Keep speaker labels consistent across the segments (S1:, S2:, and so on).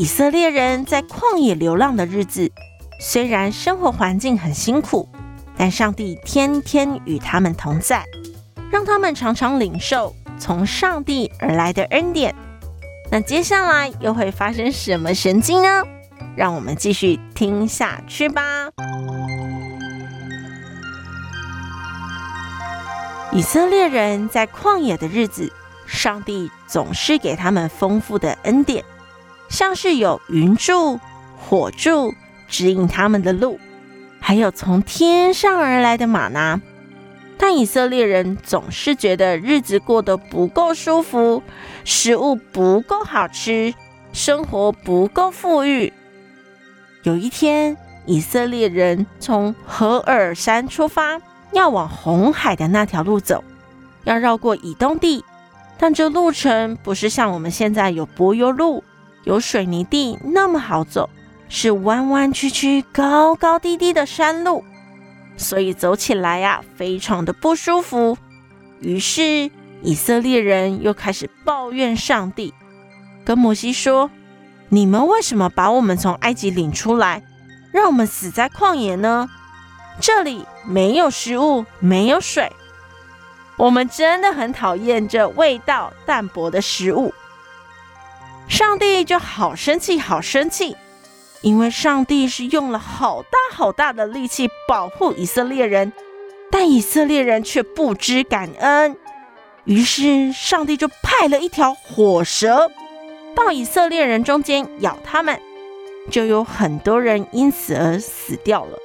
S1: 以色列人在曠野流浪的日子，雖然生活環境很辛苦，但上帝天天與他們同在，讓他們常常領受從上帝而來的恩典。那接下來又會發生什麼神蹟呢？讓我們繼續聽下去吧。以色列人在曠野的日子，上帝總是給他們豐富的恩典。像是有雲柱、火柱指引他們的路，還有從天上而來的嗎哪，但以色列人總是覺得日子過得不夠舒服，食物不夠好吃，生活不夠富裕。有一天，以色列人從何珥山出發，要往紅海的那條路走，要繞過以東地，但這路程不是像我們現在有柏油路。有水泥地那麼好走，是彎彎曲曲、高高低低的山路，所以走起來呀、啊，非常的不舒服。於是以色列人又開始抱怨上帝，跟摩西說：“你們為什麼把我們從埃及領出來，讓我們死在曠野呢？這裡沒有食物，沒有水，我們真的很討厭這味道淡薄的食物。”上帝就好生氣，好生氣，因為上帝是用了好大好大的力氣保護以色列人，但以色列人卻不知感恩。於是，上帝就派了一條火蛇到以色列人中間咬他們，就有很多人因此而死掉了。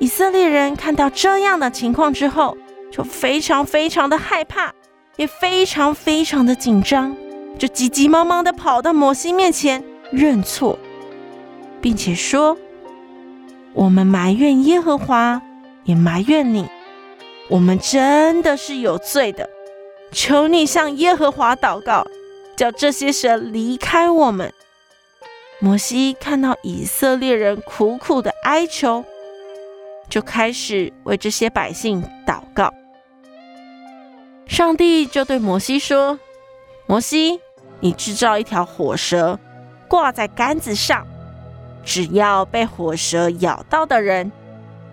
S1: 以色列人看到這樣的情況之後，就非常非常的害怕，也非常非常的緊張。就急急忙忙地跑到摩西面前認錯，並且說：“我們埋怨耶和華，也埋怨你，我們真的是有罪的。求你向耶和華禱告，叫這些蛇離開我們。”摩西看到以色列人苦苦的哀求，就開始為這些百姓禱告。上帝就對摩西說。摩西，你製造一條火蛇，掛在桿子上。只要被火蛇咬到的人，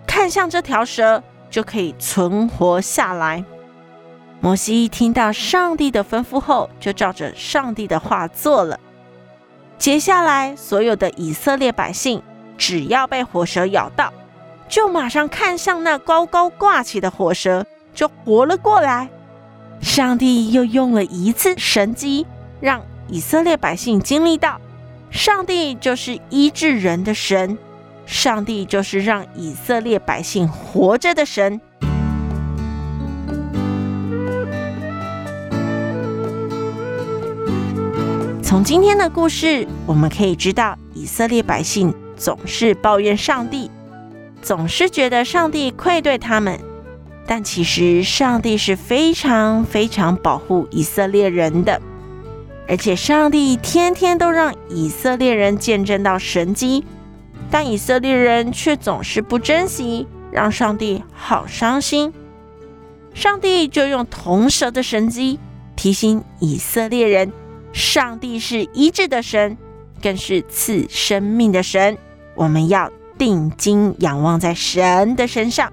S1: 看向這條蛇，就可以存活下來。摩西一聽到上帝的吩咐後，就照着上帝的話做了。接下來，所有的以色列百姓，只要被火蛇咬到，就馬上看向那高高掛起的火蛇，就活了過來。上帝又用了一次神蹟，讓以色列百姓經歷到，上帝就是醫治人的神，上帝就是讓以色列百姓活着的神。從今天的故事，我們可以知道，以色列百姓總是抱怨上帝，總是覺得上帝愧對他們。但其實，上帝是非常非常保護以色列人的，而且上帝天天都讓以色列人見證到神蹟，但以色列人卻總是不珍惜，讓上帝好傷心。上帝就用銅蛇的神蹟提醒以色列人，上帝是醫治的神，更是賜生命的神。我們要定睛仰望在神的身上。